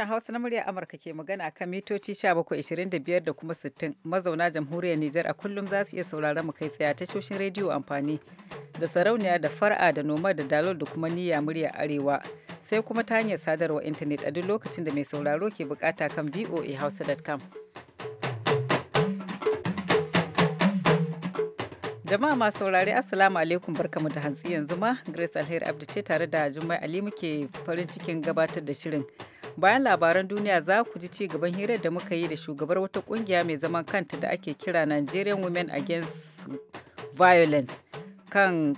Sashen Hausa na murya Amurka ke magana kan mitoci 1725 da kuma 60 mazauna jamhuriyar Nijar a kullum za su iya sauraron mu kai tsaye ta shoshin rediyo amfani da sarauniya da far'a da noma da dalol da kuma niyya murya arewa sai kuma ta hanyar sadarwa intanet a duk lokacin da mai sauraro ke bukata kan voahausa.com. Jama'a masu saurari Assalamu alaikum barkamu da hantsi yanzu ma Grace Alheri Abdu ce tare da Jummai Ali muke farin cikin gabatar da shirin. Bayan labaran duniya za ku ji ci gaban hirar da muka yi da shugabar wata kungiya mai zaman kanta da ake kira Nigerian Women Against Violence kan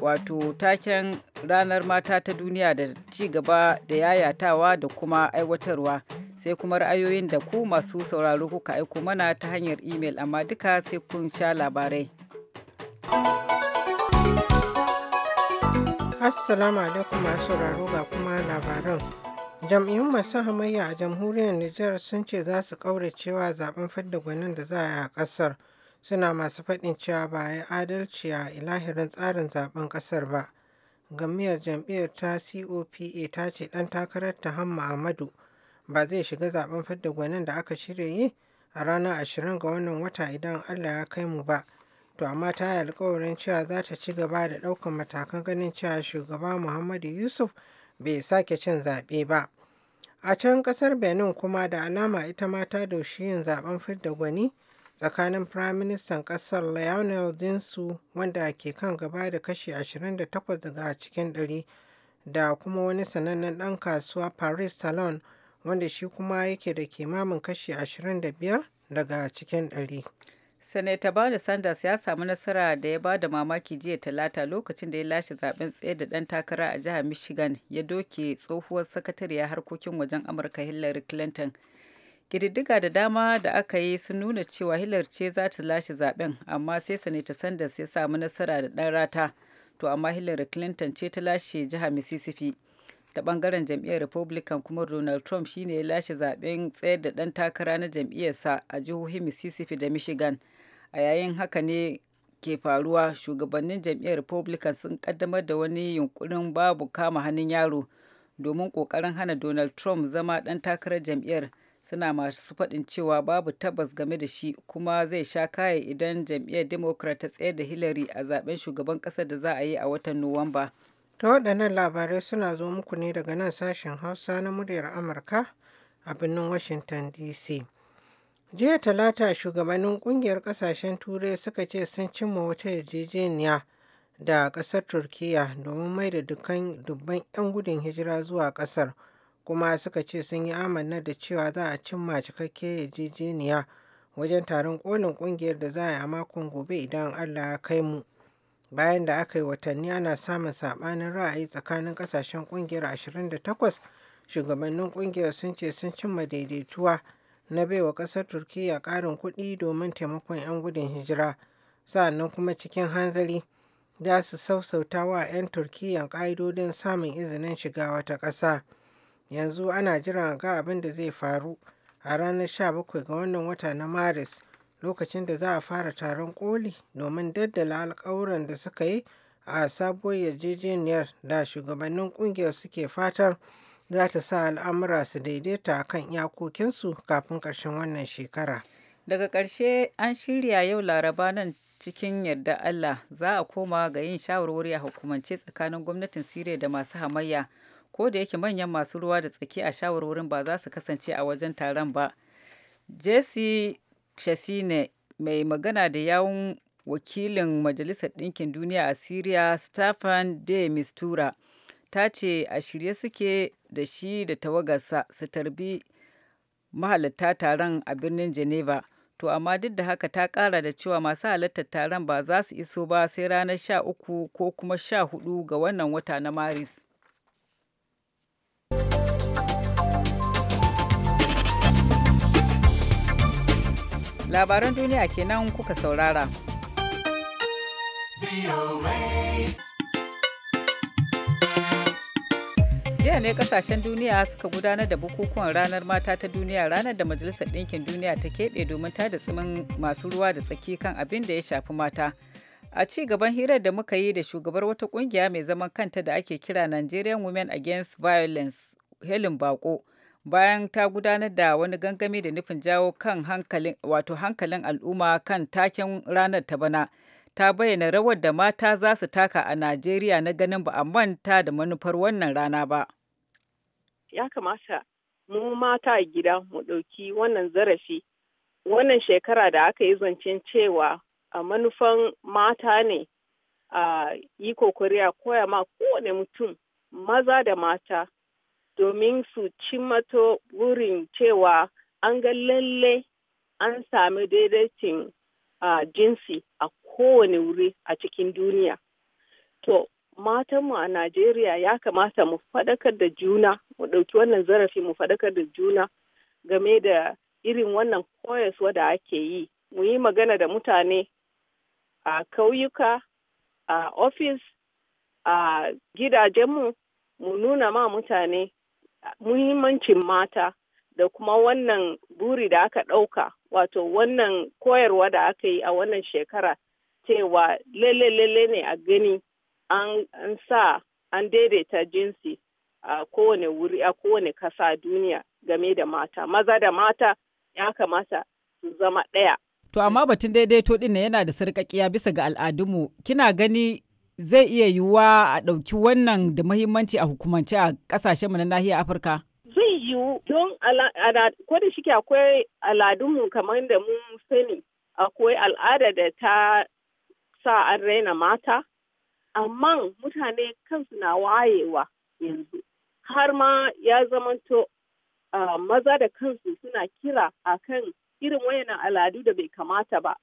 wato taken ranar mata ta duniya da ci gaba da yayatawa da kuma aiwatarwa sai kuma ra'ayoyin da ku masu sauraro kuka aiko mana ta hanyar imel amma duka sai kun sha labarai. Assalamu alaikum masu sauraro ga kuma labaran. jam'iyyun masu hamayya a jamhuriyar Nijar sun ce za su ƙauracewa zaben fadda gwanin da za a yi a kasar suna masu faɗin cewa ba a yi adalci a ilahirin tsarin zaben kasar ba. Gammiyar jam'iyyar ta COPA ta ce ɗan takarar ta Hamma Ahmadu ba zai shiga zaben fadda gwanin da aka shirya yi a ranar ashirin ga wannan wata idan Allah ya kai mu ba. To amma ta yi alkawarin cewa za ta ci gaba da ɗaukar matakan ganin cewa shugaba Muhammadu Yusuf bai sake cin zaɓe ba a can ƙasar benin kuma da alama ita ma ta doshi yin zaɓen fidda gwani tsakanin firaministan ƙasar lionel dinsu wanda ke kan gaba da kashi 28 daga cikin ɗari da kuma wani sanannen ɗan kasuwa paris salon wanda shi kuma yake da kimamin kashi 25 daga cikin ɗari Sanata Bala Sanders ya samu nasara da ya ba da mamaki jiya talata lokacin da ya lashe zaben tsaye da ɗan takara a jihar Michigan ya doke tsohuwar sakatariya harkokin wajen Amurka Hillary Clinton. Ƙididdiga da dama da aka yi sun nuna cewa Hillary ce za ta lashe zaben amma sai Sanata Sanders ya samu nasara da ɗan rata. To amma Hillary Clinton ce ta lashe jihar Mississippi. ta bangaren jam'iyyar republican kuma donald trump shine ya lashe zaben tsayar da dan takara na jam'iyyarsa a jihohin mississippi da michigan a yayin haka ne ke faruwa shugabannin jam'iyyar republican sun kaddamar da wani yunkurin babu kama hannun yaro domin kokarin hana donald trump zama dan takarar jam'iyyar suna masu faɗin cewa babu tabbas game da shi kuma zai sha kaya idan jam'iyyar democrat ta tsayar da hillary a zaben shugaban ƙasar da za a yi a watan nuwamba Ta waɗannan labarai suna zo muku ne daga nan sashen Hausa na muryar Amurka a birnin Washington DC. Jiya Talata shugabannin ƙungiyar ƙasashen Turai suka ce sun cimma wata yarjejeniya da ƙasar Turkiyya domin mai da dukkan dubban 'yan gudun hijira zuwa ƙasar kuma suka ce sun yi amanna da cewa za a cimma cikakke yarjejeniya wajen taron ƙolin ƙungiyar da za a yi a makon gobe idan Allah ya kai mu. bayan da aka yi watanni ana samun saɓanin ra'ayi tsakanin ƙasashen ƙungiyar 28 shugabannin ƙungiyar sun ce sun cimma daidaituwa na baiwa ƙasar turkiyya ƙarin kuɗi domin taimakon 'yan gudun hijira sa'annan kuma cikin hanzari za su sausauta wa 'yan turkiyyan ƙa'idodin samun izinin shiga wata ƙasa yanzu ana jiran ga abin da zai faru a ranar 17 ga wannan wata na maris lokacin da za a fara taron koli domin daddala alkawuran da suka yi a sabuwar yarjejeniyar da shugabannin kungiyar suke fatar za ta sa al'amura su daidaita kan iyakokinsu kafin ƙarshen wannan shekara. Daga ƙarshe an shirya yau laraba nan cikin yarda Allah za a koma ga yin shawarwari a hukumance tsakanin gwamnatin Siriya da masu hamayya ko da yake manyan masu ruwa da tsaki a shawarwarin ba za su kasance a wajen taron ba. Jesse Shasine mai magana da yawun wakilin Majalisar Ɗinkin Duniya a Siriya Staffan de Mistura ta ce a shirye suke da shi da tawagarsa su tarbi mahalatta taron a birnin Geneva. To amma duk da haka ta kara da cewa masu halartar taron ba za su iso ba sai ranar sha uku ko kuma sha 14 ga wannan wata na Maris. labaran duniya kenan kuka saurara jiya ne kasashen duniya suka gudanar da bukukuwan ranar mata ta duniya ranar da majalisar ɗinkin duniya ta keɓe domin ta da tsimin masu ruwa da tsaki kan abin da ya shafi mata a ci gaban hirar da muka yi da shugabar wata kungiya mai zaman kanta da ake kira nigerian women against violence helen bako bayan ta gudanar da wani gangami da nufin jawo kan hankalin wato hankalin al'umma kan taken ranar ta bana ta bayyana rawar da mata za su taka a Najeriya na ganin ba a manta da manufar wannan rana ba. Ya kamata mu mata a gida mu ɗauki wannan zarafi wannan shekara da aka yi zancen cewa a manufan mata ne a yi kokoriya a koya ma kowane mutum maza da mata domin su cimmato burin cewa an ga lalle an sami daidaitin uh, jinsi a kowane wuri a cikin duniya. To, matanmu a Najeriya ya kamata mu faɗakar da juna, mu ɗauki wannan zarafi mu faɗakar da juna game da irin wannan koyaswa da ake yi. Mu yi magana da mutane a kauyuka, a ofis, a gidajenmu, mu nuna ma mutane muhimmancin mata da kuma wannan buri da aka ɗauka wato wannan koyarwa da aka yi a wannan shekara cewa lele-lele ne a gani an sa an daidaita jinsi a kowane wuri a kowane kasa duniya game da mata maza da mata ya kamata su zama ɗaya. To amma batun daidaito ɗin yana da sarƙaƙiya bisa ga al'adunmu kina gani zai iya yiwuwa a ɗauki wannan da muhimmanci a hukumance a ƙasashenmu na nahiyar Afirka? Zai yiwu don ko da shike akwai al'adunmu kamar da mun sani akwai al'ada da ta sa an raina mata, amma mutane kansu na wayewa yanzu. Har ma ya zamanto uh, maza da kansu suna kira akan irin wayannan al'adu da bai kamata ba,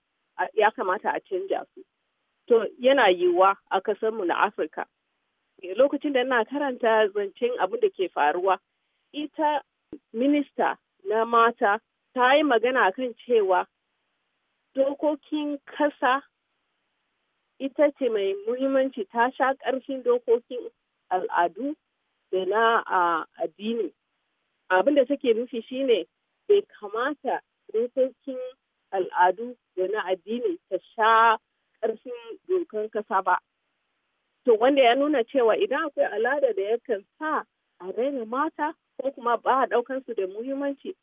ya kamata a canja su. To yana yiwuwa a mu na Afirka. Eh, lokacin da ina karanta zancen abin da ke faruwa, ita minista na mata ta yi magana kan cewa dokokin ƙasa ita ce mai muhimmanci ta sha ƙarfin dokokin al'adu da na addini. Abin da take nufi shine bai kamata dokokin al'adu da na addini ta sha ƙarfin dokar kasa ba. To wanda ya nuna cewa idan akwai al'ada da yakan sa a raina mata ko kuma ba a ɗaukar su da muhimmanci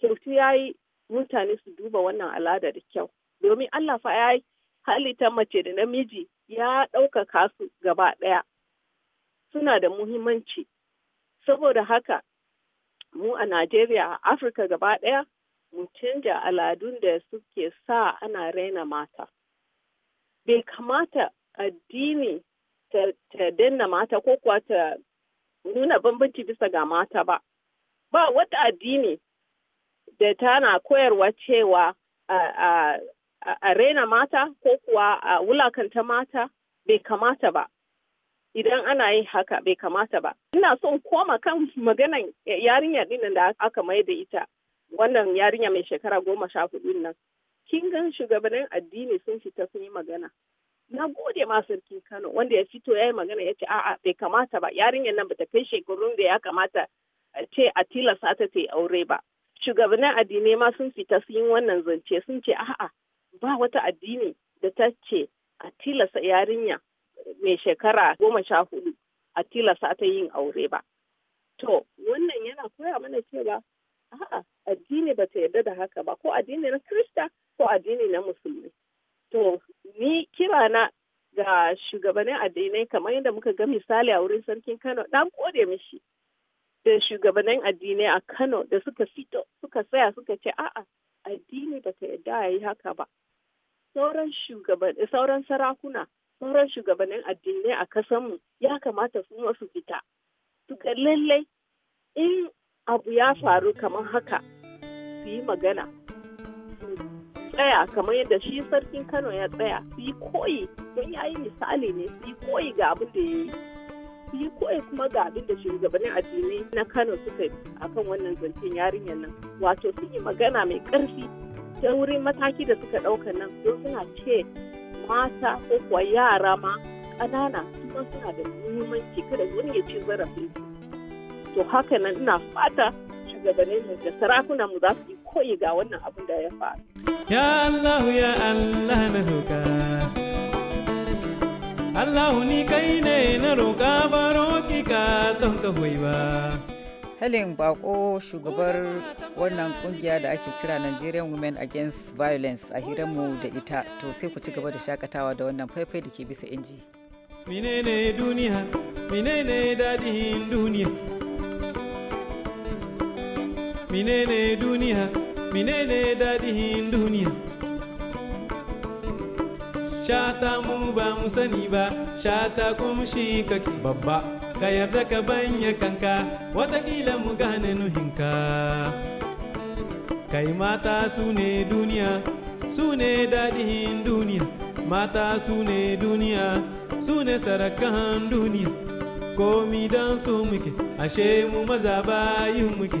kyautu ya yi mutane su duba wannan al'ada da kyau. Domin Allah fa ya yi ta mace da namiji ya ɗaukaka su gaba ɗaya. Suna da muhimmanci. Saboda haka mu a Najeriya a Afirka gaba ɗaya mu canja al'adun da suke sa ana raina mata. bai kamata addini ta danna mata ko kuwa ta nuna bambanci bisa ga mata ba ba wata addini da tana koyarwa cewa a rena mata ko kuwa a wulakanta mata bai kamata ba idan ana yin haka bai kamata ba ina son koma kan maganan yarinya dinnan da aka mai da ita wannan yarinya mai shekara goma sha hudu nan kin gan shugabannin addini sun fita sun yi magana na gode ma sarkin Kano wanda ya fito ya yi magana ya ce a'a bai kamata ba yarinyar nan bata kai shekarun da ya kamata ce a tilasta ta ta aure ba shugabannin addini ma sun fita sun yi wannan zance sun ce a'a ba wata addini da ta ce a tilasta yarinya mai shekara goma sha hudu a tilasta ta yin aure ba to wannan yana koya mana cewa A'a, addini ba ta yarda da haka ba, ko addini na Krista ko addini na Musulmi. To, ni kira na ga shugabannin addinai kamar yadda muka ga misali a wurin sarkin Kano, ɗan kode mishi. Da shugabannin addinai a Kano da suka fito, suka tsaya suka ce, a'a, addini ba ta yarda yi haka ba. Sauran sauran sarakuna, sauran shugabannin addinai a kasanmu ya kamata su su fita. Suka lallai in abu ya faru kamar haka su yi magana tsaya kamar yadda shi sarkin kano ya tsaya su yi koyi don ya yi misali ne su yi koyi ga abin da ya yi su yi koyi kuma ga abin da shugabannin addini na kano suka yi kan wannan zancen yarinyar nan wato sun yi magana mai karfi ta wurin mataki da suka ɗauka nan don suna ce mata ko kuwa yara ma ƙanana kuma suna da muhimmanci kada wani ya ci zarafin su to haka nan ina fata mu da mu za su yi koyi ga wannan abin da ya faru. Ya Allah ya Allah na roƙa. Allah ni kai ne na roƙa ba roƙi ka don ka ba. Helen Bako shugabar wannan kungiya da ake kira Nigerian Women Against Violence a mu da ita to sai ku ci gaba da shakatawa da wannan faifai da ke bisa inji. Menene duniya, menene dadihin duniya. minene duniya minene dadihin duniya shata mu ba mu sani ba shata kuma shi kake babba ka yarda ka banya kanka watakila mu gane nuhinka kai mata su ne duniya su ne dadihin duniya mata su ne duniya su ne sarakan duniya komi don su muke ashe mu maza bayin muke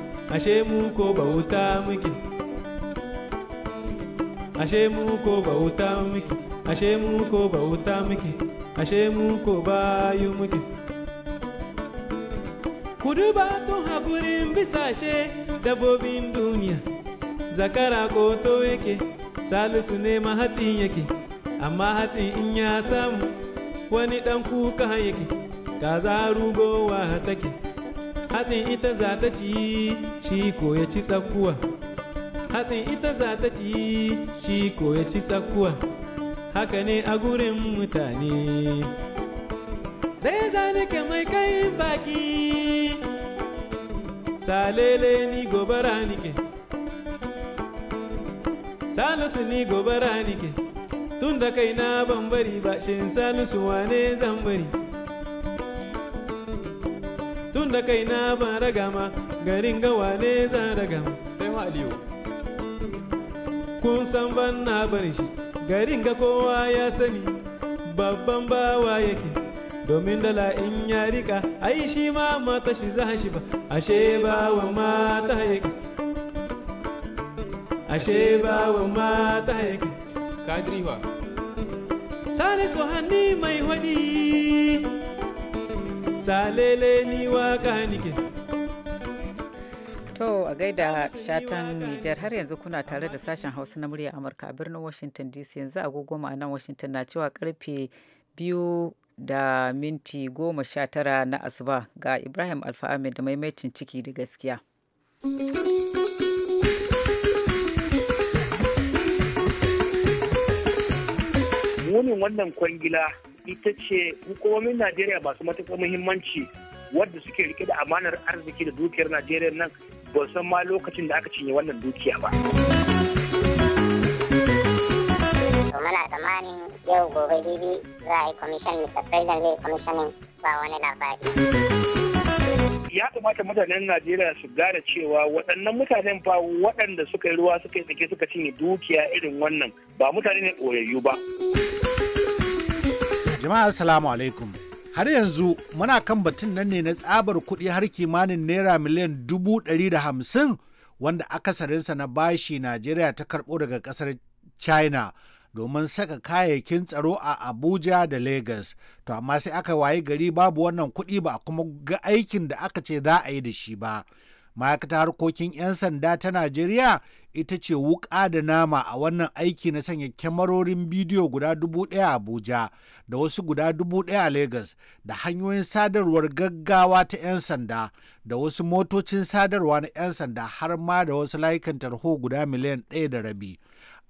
ashe mu ko bauta muke ashe mu ko bauta muke ashe mu ko bauta muke ashe mu ko bayu muke kudu ba tun haƙurin bisashe dabobin duniya zakara ko to yake salisu ne ma hatsi yake amma hatsi in ya samu wani dan kuka yake za rugowa take hatsin ita za ta ci shi ko ya ci sakuwa hatsin ita za ta ci shi ko ya ci sakuwa haka ne a gurin mutane reza nake mai kai baki salele ni gobara nike Salusu ni gobara nike tun da kaina na bambari ba shin salusu wane zan bari tun da kai na ba ragama garin gawa ne za ragama sai ma aliyu kun san ban na bar shi garin ga kowa ya sani babban bawa yake domin dala in ya rika ai shi ma mata shi za shi ba ashe bawa mata yake ashe bawa mata yake kadriwa salisu hanni mai hadi salele ni waka nike To a gaida shatan Nijar har yanzu kuna tare da sashen Hausa na murya Amurka a birnin Washington DC yanzu agogo ma'anan Washington na cewa karfe biyu da minti goma sha tara na asuba ga Ibrahim Alfa'ame da maimaitin ciki da gaskiya. Munin wannan kwangila ita ce hukumomin najeriya masu matuƙar muhimmanci wadda suke rike da amanar arziki da dukiyar najeriya nan ba san ma lokacin da aka cinye wannan dukiya ba. muna tsammanin yau gobe jibi za a yi kwamishin mr president zai kwamishinin ba wani labari. ya kamata mutanen najeriya su gane cewa waɗannan mutanen fa waɗanda suka yi ruwa suka yi tsake suka cinye dukiya irin wannan ba mutane ne ɓoyayyu ba. Jama'a Assalamu alaikum. Har yanzu muna kan batun nan ne na tsabar kuɗi har kimanin naira miliyan dubu ɗari da hamsin wanda akasarinsa na bashi Najeriya ta karɓo daga ƙasar China domin saka kayayyakin tsaro a Abuja da Lagos. To amma sai aka waye gari babu wannan kuɗi ba kuma ga aikin da aka ce za a yi da shi ba. ma'aikatar harkokin 'yan sanda ta najeriya ita ce wuƙa da nama a wannan aiki na sanya kyamarorin bidiyo guda dubu ɗaya Abuja da wasu guda dubu ɗaya Legas da hanyoyin sadarwar gaggawa ta 'yan sanda da wasu motocin sadarwa na 'yan sanda har ma da wasu layukan tarho guda miliyan ɗaya da rabi.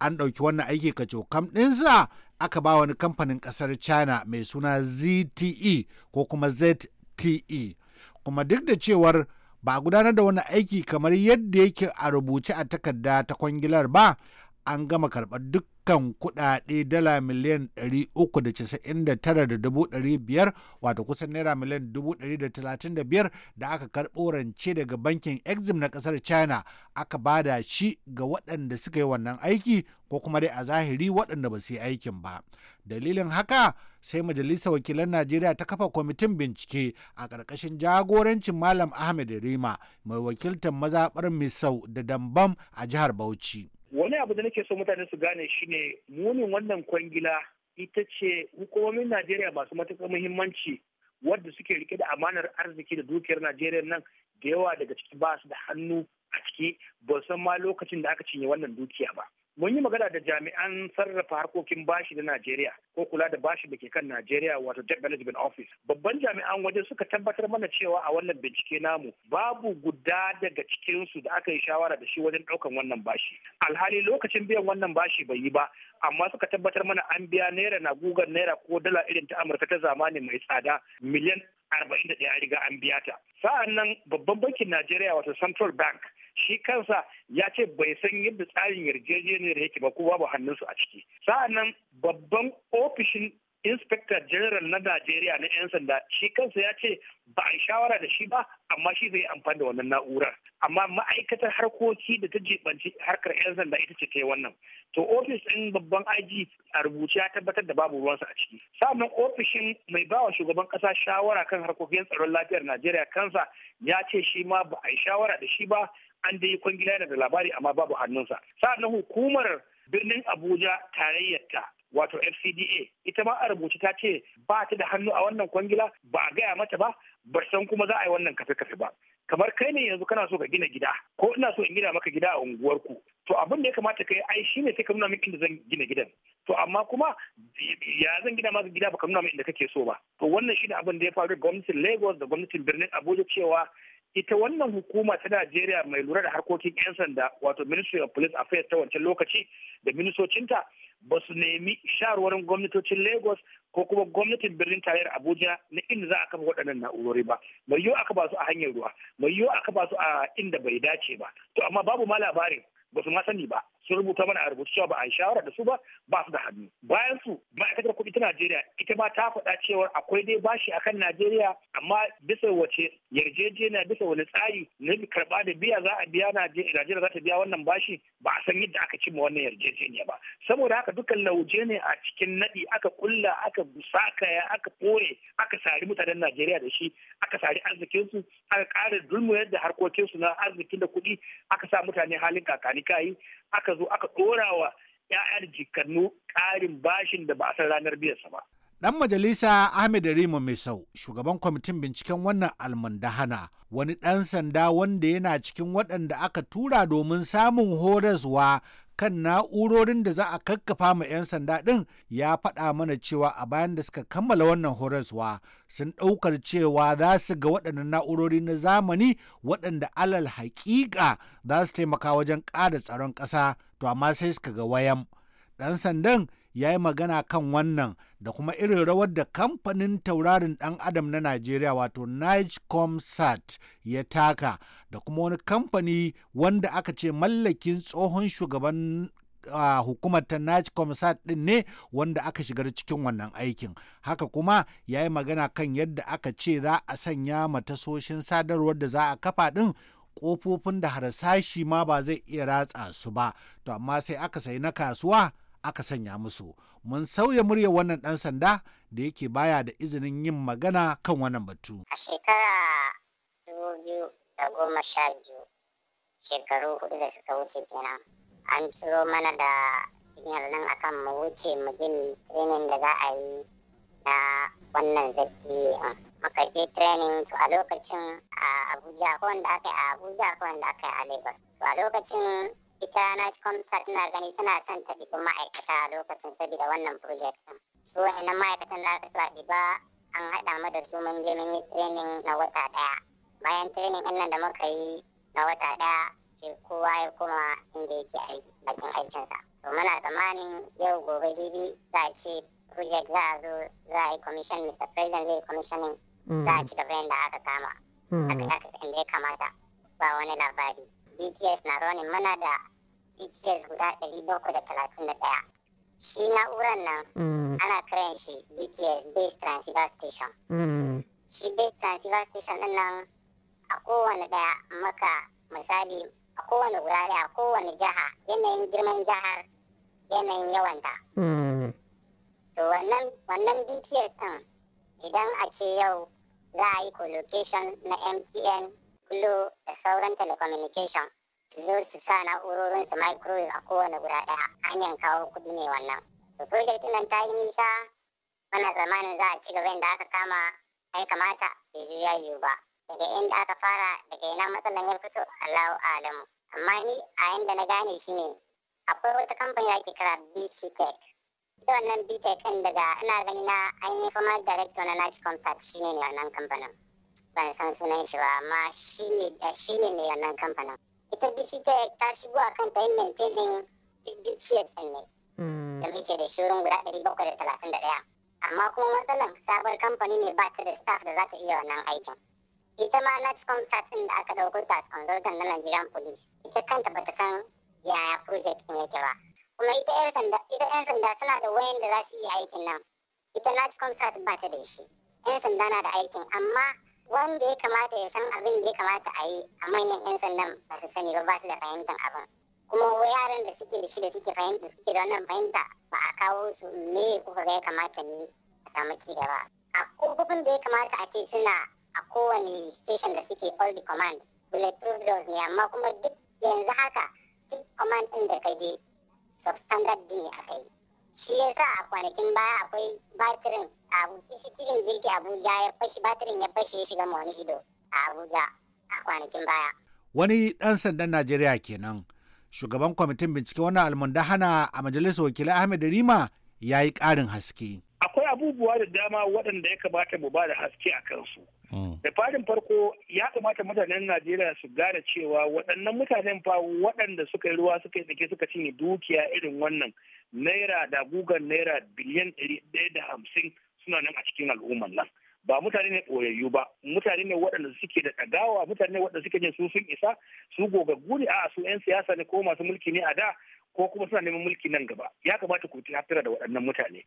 An ɗauki wannan aiki kacokam ɗinsa aka ba wani kamfanin ƙasar China mai suna ZTE ko kuma ZTE. Kuma duk da cewar ba gudanar da wani aiki kamar yadda yake a rubuce a takarda ta kwangilar ba an gama karɓar dukkan kuɗaɗe dala miliyan 399,500 wato kusan naira miliyan 135 da aka karɓo rance daga bankin exim na ƙasar china aka bada shi ga waɗanda suka yi wannan aiki ko kuma dai a zahiri waɗanda ba su yi aikin ba dalilin haka sai majalisar wakilan najeriya ta kafa kwamitin bincike a ƙarƙashin jagorancin malam ahmed rima mai wakiltar mazaɓar misau da dambam a jihar bauchi wani abu da nake so mutane su gane shine munin wannan kwangila ita ce hukumomin najeriya masu matuƙar muhimmanci wadda suke rike da amanar arziki da dukiyar najeriya nan da yawa daga ciki ba su da hannu a ciki ba san ma lokacin da aka cinye wannan dukiya ba mun yi magana da jami'an sarrafa harkokin bashi na Najeriya ko kula da bashi da ke kan Najeriya wato Debt Management Office. Babban jami'an waje suka tabbatar mana cewa a wannan bincike namu babu guda daga cikinsu da aka yi shawara da shi wajen ɗaukan wannan bashi. Alhali lokacin biyan wannan bashi bai yi ba, amma suka tabbatar mana an biya naira na gugan naira ko dala irin ta Amurka ta zamani mai tsada miliyan arba'in da ɗaya riga an biya ta. Sa'an nan babban bankin Najeriya wato Central Bank shi kansa ya ce bai san yadda tsarin yarjejeniyar yake ba ko babu hannunsu a ciki sa'annan babban ofishin inspector general na najeriya na 'yan sanda shi kansa ya ce ba a shawara da shi ba amma shi zai amfani da wannan na'urar amma ma'aikatar harkoki da ta jibanci harkar 'yan sanda ita ce ta yi wannan to ofis ɗin babban IG a rubuce ya tabbatar da babu ruwansa a ciki sa'annan ofishin mai bawa shugaban ƙasa shawara kan harkokin tsaron lafiyar najeriya kansa ya ce shi ma ba a yi shawara da shi ba an dai kwangila yana da labari amma babu hannunsa na hukumar birnin abuja tarayyarta wato fcda ita ma a rubuce ta ce ba ta da hannu a wannan kwangila ba a gaya mata ba ba san kuma za a yi wannan kafe-kafe ba kamar kai ne yanzu kana so ka gina gida ko ina so in gina maka gida a unguwarku to abin da ya kamata ka yi ai ne sai ka nuna min inda zan gina gidan to amma kuma ya zan gina maka gida baka nuna min inda kake so ba to wannan shi shine abin da ya faru gwamnatin Lagos da gwamnatin birnin Abuja cewa ita wannan hukuma ta Najeriya mai lura da harkokin 'yan sanda wato Ministry of Police Affairs ta wancan lokaci da ministocinta ba su nemi shawarwarin gwamnatocin Lagos ko kuma gwamnatin birnin tarayyar Abuja na inda za a kafa waɗannan na'urori ba mai yiwu aka ba su a hanyar ruwa mai yiwu aka ba su a inda bai dace ba to amma babu ma labarin ba su ma sani ba sun rubuta mana a rubutu cewa ba a yi shawara da su ba ba su da hannu bayan su ma'aikatar kuɗi ta Najeriya ita ma ta faɗa cewa akwai dai bashi akan Najeriya amma bisa wace yarjejeniya bisa wani tsari na karɓa da biya za a biya Najeriya za ta biya wannan bashi ba a san yadda aka cimma wannan yarjejeniya ba saboda haka dukkan lauje ne a cikin naɗi aka kulla aka sakaya aka ɓoye aka sari mutanen Najeriya da shi aka sari arzikinsu aka ƙara dulmu yadda harkokinsu na arzikin da kuɗi aka sa mutane halin kakani kayi aka zo aka ɗora wa 'ya'yan jikannu ƙarin bashin da ba a san ranar sa ba. Ɗan majalisa Ahmed Rima sau shugaban kwamitin binciken wannan almandahana wani ɗan sanda wanda yana cikin waɗanda aka tura domin samun horaswa kan na'urorin da za a kakkafa ma 'yan sanda ɗin ya faɗa mana cewa a bayan da suka kammala wannan horaswa sun ɗaukar cewa za su ga waɗannan na'urori na zamani waɗanda alal haƙiƙa za su taimaka wajen ƙara tsaron ƙasa to amma sai suka ga wayan. Ɗan sandan ya yi magana kan wannan da kuma irin rawar da kamfanin taurarin dan adam na Najeriya wato sat ya taka da kuma wani kamfani wanda aka ce mallakin tsohon shugaban uh, hukumar ta Nigecomsat din ne wanda aka shigar cikin wannan aikin. Haka kuma ya yi magana kan yadda aka ce za a sanya matasoshin sadarwar da za a kafa din kofofin da harsashi ma ba zai iya ratsa su ba, to amma sai aka sayi na kasuwa aka sanya musu mun sauya murya wannan ɗan sanda da yake baya da izinin yin magana kan wannan batu a shekara dubu biyu da goma sha biyu shekaru hudu da suka wuce kenan an ciro mana da signal nan akan mu wuce mu gini training da za a yi na wannan zaki muka je training to a lokacin a abuja ko wanda aka yi a abuja ko wanda aka yi a lagos to a lokacin ita shi kwamfutar ina gani tana son ta ɗibi ma'aikata lokacin saboda wannan project su wa'annan ma'aikatan da aka sa ɗiba an haɗa mu da su mun je mun yi training na wata ɗaya bayan training ɗin nan da muka yi na wata ɗaya sai kowa ya koma inda yake aiki bakin aikinsa to muna tsammanin yau gobe jibi za a ce project za a zo za a yi commission mr president zai yi commissioning mm. za a ci gaba yadda aka kama mm. aka inda ya kamata ba wani labari bts na ronin mana da BTS guda ɗari bakwai da talatin da ɗaya. Shi na'urar nan mm. ana kiran shi BTS Base Transceiver Station. Mm. Shi Base Transceiver Station ɗin nan a kowane ɗaya maka misali a kowane wurare a kowane jiha yanayin girman jihar yanayin yawanta. Mm. To wannan BTS ɗin idan a ce yau za a yi co-location na MTN, Glo da sauran telecommunication. su zo su sa na'urorin su microwave a kowane guda daya hanyar kawo kudi ne wannan su project nan ta yi nisa mana zamanin za a ci gaba inda aka kama ai kamata bai zo ya yiwu ba daga inda aka fara daga ina matsalan ya fito Allahu alamu amma ni a inda na gane shine akwai wata kamfani da ake kira BC Tech ita wannan BC Tech ɗin daga ina gani na ainihin former director na Nash Concert shi ne wannan kamfanin ban san sunan shi ba amma shi ne mai wannan kamfanin ita bishiyar ta shigo a kan ta yin mainfesin bishiyar sannan da muke da shirin guda ɗari bakwai da talatin da ɗaya amma kuma matsalar sabuwar kamfani ne bata da staff da za iya wannan aikin ita ma na satin da aka ɗauko ta consultant na Nigerian police ita kanta ba ta san project ɗin yake ba kuma ita 'yan sanda ita 'yan sanda suna da wayan da za su iya aikin nan ita na cikin sat ba da shi 'yan sanda na da aikin amma wanda ya kamata ya san abin da ya kamata a yi a manyan 'yan sandan ba su sani ba ba su da fahimtar abin kuma yaran da suke da shi da suke fahimta suke da wannan fahimta ba a kawo su me kuka ga ya kamata ni a samu ci gaba a kofofin da ya kamata a ce suna a kowane station da suke all the command bulletproof doors ne amma kuma duk yanzu haka duk command ɗin da ka je substandard ne a kai shi ya sa a kwanakin baya akwai batirin a sitilin jirgi abuja ya fashi batirin ya fashe ya shiga mawani ido a abuja a kwanakin baya wani ɗan sandan najeriya kenan shugaban kwamitin bincike wannan hana a majalisar wakilai ahmed rima ya yi ƙarin haske Akwai abubuwa da dama waɗanda ya kamata mu ba da haske a kansu Mm. Da farin farko ya kamata mutanen Najeriya su gane cewa waɗannan mutanen fa waɗanda suka yi ruwa suka yi tsake suka cinye dukiya irin wannan naira da gugan naira biliyan ɗari ɗaya da hamsin suna nan a cikin al'ummar nan. ba mutane ne ɓoyayyu ba mutane ne waɗanda suke da ɗagawa mutane ne waɗanda suke jin su sun isa su gogaggu ne a su 'yan siyasa ne ko masu mulki ne a da ko kuma suna neman mulki nan gaba ya kamata ku ci hafira da waɗannan mutane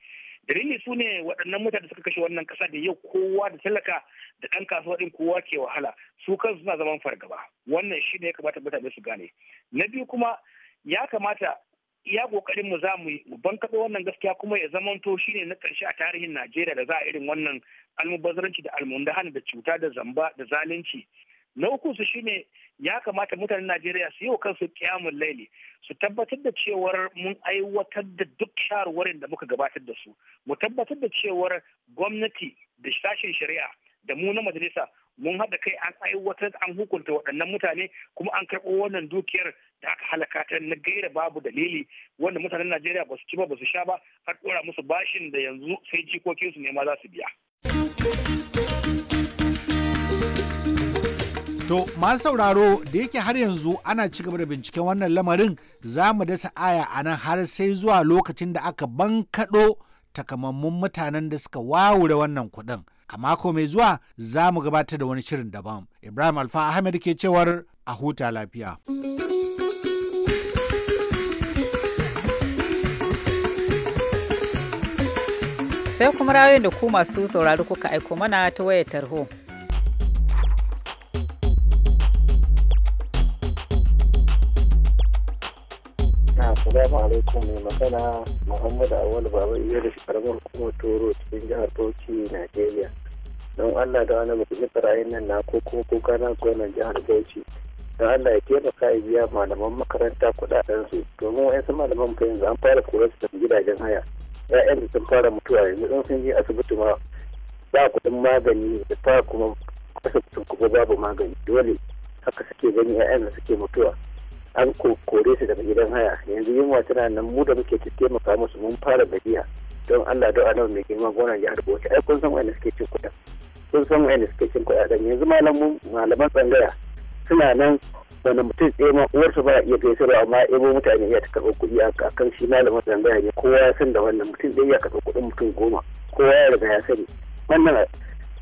dalili su ne waɗannan mutane suka kashe wannan ƙasa da yau kowa da talaka da ɗan kasuwa ɗin kowa ke wahala su kansu suna zaman fargaba wannan shi ne ya kamata mutane su gane na biyu kuma ya kamata ya kokarin mu za mu yi bankaɗo wannan gaskiya kuma ya zamanto ne na ƙarshe a tarihin Najeriya da za a irin wannan almubazzaranci da almundahan da cuta da zamba da zalunci na uku su shine ya kamata mutanen najeriya su yi wa kansu kiyamun laili su tabbatar da cewar mun aiwatar da duk shawarwarin da muka gabatar da su mu tabbatar da cewar gwamnati da sashen shari'a da mu na majalisa mun haɗa kai an aiwatar an hukunta waɗannan mutane kuma an karɓo wannan dukiyar da aka halaka ta na gaira babu dalili wanda mutanen najeriya ba su ci ba ba su sha ba har ɗora musu bashin da yanzu sai jikokinsu ne ma za su biya. To masu sauraro da yake har yanzu ana ci gaba da binciken wannan lamarin za mu dasa aya a nan har sai zuwa lokacin da aka bankaɗo takamammun mutanen da suka wawure wannan kuɗin. A mako mai zuwa za mu gabatar da wani shirin daban. Ibrahim Alfa Ahmed ke cewar a huta lafiya. Sai kuma rayoyin da ku masu sauraro kuka aiko mana ta wayar tarho. Assalamu alaikum mai magana Muhammad Awal Baba iya da karamar kuma Toro cikin jihar Bauchi, Najeriya. Don Allah da wani mutum yin nan na ko kuma kuka na gonan jihar Bauchi. Don Allah ya taimaka ya biya malaman makaranta su domin wa'yansu malaman fa yanzu an fara korar su tafi gidajen haya. Ya'yan da sun fara mutuwa yanzu don sun je asibiti ma ba kuɗin magani da fara kuma kasa kuma babu magani dole haka suke gani ya'yan da suke mutuwa. an kore su daga gidan haya yanzu yunwa tana nan mu da muke taimaka musu mun fara gajiya don Allah da annabi mai girma gona ya harbo ai kun san wani suke cin kuɗa kun san wani suke cin kuɗaɗen yanzu malamin malaman tsangaya suna nan wani mutum tsaye ma uwarsa ba iya gaisarwa amma ebo mutane ya ta karɓo kuɗi a kan shi malamin tsangaya ne kowa ya san da wannan mutum zai iya karɓo kuɗin mutum goma kowa ya riga ya sani wannan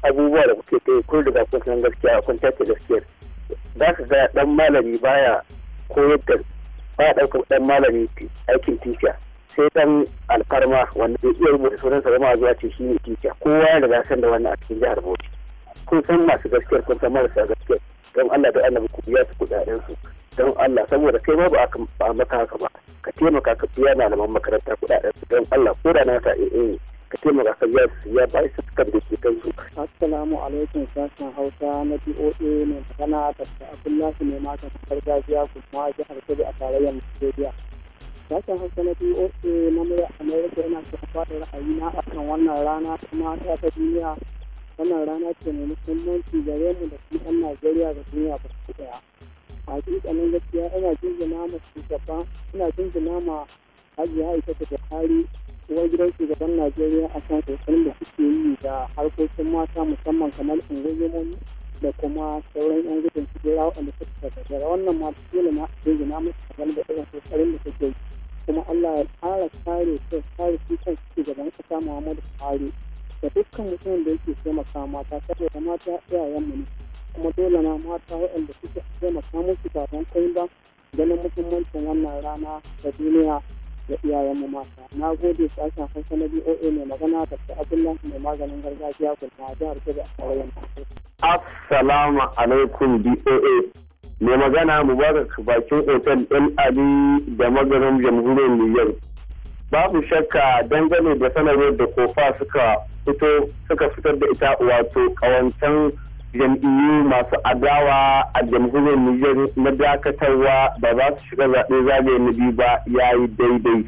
abubuwa da kuke kai kun riga kun san gaskiya kun tace gaskiyar za ka ga ɗan malami baya koyar da ba ɗaukar ɗan malami aikin tisha sai ɗan alfarma wanda zai iya rubuta sunansa zama a zuwa ce shi ne tisha kowa ya riga san da wannan a cikin jihar bauchi kun san masu gaskiyar kun san marasa gaskiyar don allah da annabi ku biya su kuɗaɗen su don allah saboda kai ma ba a maka haka ba ka taimaka ka biya malaman makaranta kuɗaɗen su don allah ko da na ta ka taimaka ka biya su ba bai sakar da ke kansu. Assalamu alaikum sashen Hausa na BOA mai magana da Abdullahi ne mata gargajiya kuma jihar Kebbi a tarayyar Najeriya. sashen hausa na boa na murya amurka yana shafa da ra'ayina a kan wannan rana ta mata ta duniya wannan rana ce mai muhimmanci gare mu da kuma yan najeriya da duniya ba su daya a hakikanin gaskiya ina jinjina ma shugaba ina jinjina ma hajiya aisha da buhari uwar gidan shugaban najeriya a kan kokarin da suke yi da harkokin mata musamman kamar ungozomomi da kuma sauran yan gudun su jera waɗanda suka wannan ma dole na jingina musu kamar da irin kokarin da suke yi kuma allah ya kara kare su kare su kan shugaban kasa muhammadu buhari da dukkan mutumin da yake taimaka mata saboda mata iyayenmu ne kuma dole na mata waɗanda suke taimaka musu ba don kai ba ganin muhimmancin wannan rana da duniya da iyayen mu mata na gode sashen hausa na boa mai magana da ta abdullahi mai maganin gargajiya kuma jihar kebbi a tarayyar assalamu alaikum boa mai magana mubarak bakin otal ɗan ali da magarin jamhuriyar niyar babu shakka dangane da sanarwar da kofa suka fito suka fitar da ita wato kawancan jam'iyyu masu adawa a jamhuriyar Nijar na dakatarwa ba za su shiga zaɓe zagaye na biyu ba ya yi daidai.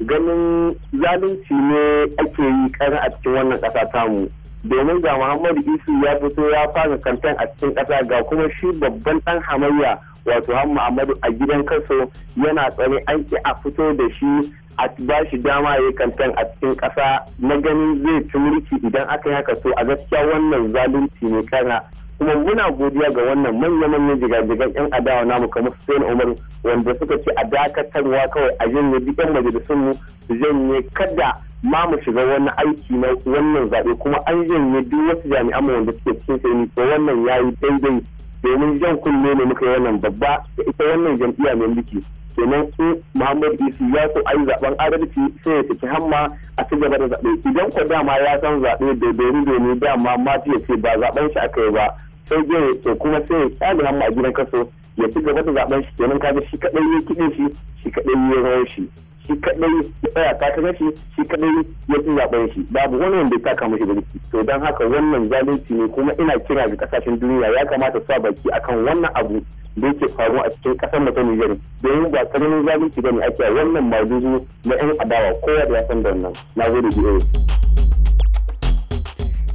Ganin zalunci ne ake yi kan a cikin wannan ƙasa tamu. Domin ga Muhammadu Isu ya fito ya fara kantin a cikin ƙasa ga kuma shi babban ɗan hamayya wato Muhammadu a gidan kaso yana tsare an ki a fito da shi a ba shi dama ya kantan a cikin ƙasa na ganin zai ci mulki idan aka yi haka so a gaskiya wannan zalunci ne kana kuma muna godiya ga wannan manya-manyan jigajigan 'yan adawa na mu kamar Hussein Umar wanda suka ce a dakatarwa kawai a yin duk 'yan majalisun mu su janye kada ma mu shiga wani aiki na wannan zaɓe kuma an janye duk wasu jami'an mu wanda suke cikin sai ko wannan yayi daidai domin jan kunne ne muka yi wannan babba da ita wannan jam'iyya mai muke kenan su Muhammad Isu ya so yi zaben adalci sai ya tafi hamma a ci gaba da zaɓe idan ko dama ya san zaɓe da domin domin dama ma ya ce ba zaben shi aka yi ba sai je to kuma sai ya kyale hamma a gidan kaso ya ci gaba da zaɓen shi kenan kaga shi kaɗai ya kiɗe shi shi kaɗai ya rawar shi shi kadai ya tsaya ta shi shi kadai ya ci zaben shi babu wani wanda ya taka mashi birki to don haka wannan zalunci ne kuma ina kira ga kasashen duniya ya kamata sa baki akan wannan abu da yake faruwa a cikin kasar mu ta Niger domin ba karamin zalunci bane ake wannan majuju na yan adawa kowa da ya san da wannan nagode biyo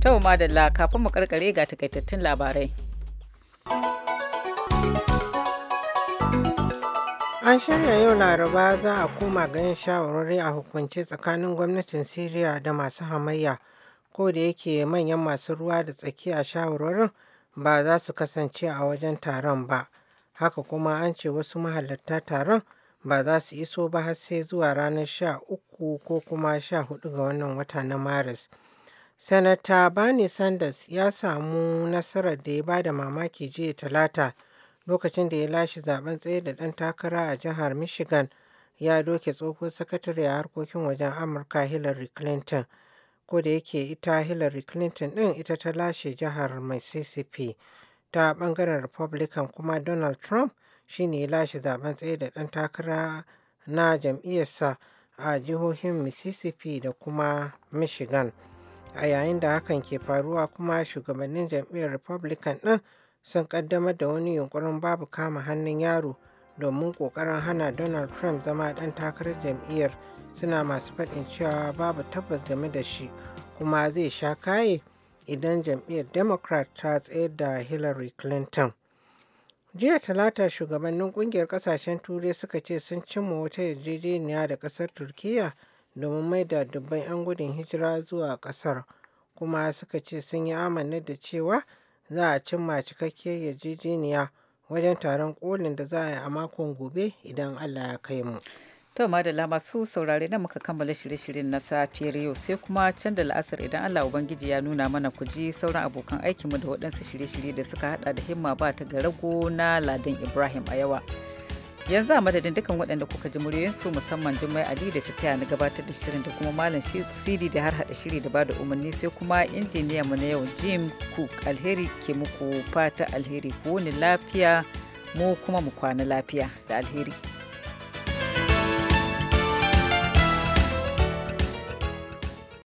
to madalla kafin mu karkare ga takaitattun labarai An shirya yau Laraba za a koma ga yin shawarwari a hukunce tsakanin gwamnatin Siriya da masu hamayya, ko da yake manyan masu ruwa da tsaki a shawarwarin ba za su kasance a wajen taron ba. Haka kuma an ce wasu mahalarta taron ba za su iso ba har sai zuwa ranar sha uku ko kuma sha hudu ga wannan wata na Maris. Sanata Bernie Sanders ya samu nasarar da ya ba da mamaki jiya talata. lokacin da ya lashe zaben tsaye da ɗan takara a jihar Michigan ya doke tsohon sakatare a harkokin wajen Amurka Hillary Clinton. Ko da yake ita Hillary Clinton ɗin ita ta lashe jihar Mississippi ta ɓangaren Republican kuma Donald Trump shine ya lashe zaben tsaye da ɗan takara na jam'iyyarsa a jihohin Mississippi da kuma Michigan. A yayin da hakan ke faruwa kuma shugabannin jam'iyyar Republican ɗin sun ƙaddamar da wani yunkurin babu kama hannun yaro domin kokarin hana donald trump zama dan takarar jam'iyyar suna masu faɗin cewa babu tabbas game da shi kuma zai sha kaye idan jam'iyyar democrat ta tsayar da hillary clinton jiya talata shugabannin kungiyar kasashen turai suka ce sun cimma wata yarjejeniya da kasar turkiya domin mai da dubban 'yan gudun hijira zuwa kasar kuma suka ce sun yi amana da cewa za a cimma cikakkiyar yarjejeniya wajen taron kolin da za a yi a makon gobe idan Allah ya kai mu. da madalla masu saurare na muka kammala shirye-shiryen na safiyar yau sai kuma can da la'asar idan Allah Ubangiji ya nuna mana ku ji sauran abokan aikinmu da waɗansu shirye-shirye da suka hada da himma ba ta ga rago na Ladan Ibrahim a yawa. yanzu a madadin dukkan waɗanda kuka ji su musamman jimai ali da ta na gabatar da shirin da kuma malam sidi da har hada shiri da bada umarni sai kuma injiniya mu na yau jim cook alheri ke muku fata alheri ko ni lafiya mu kuma mu kwana lafiya da alheri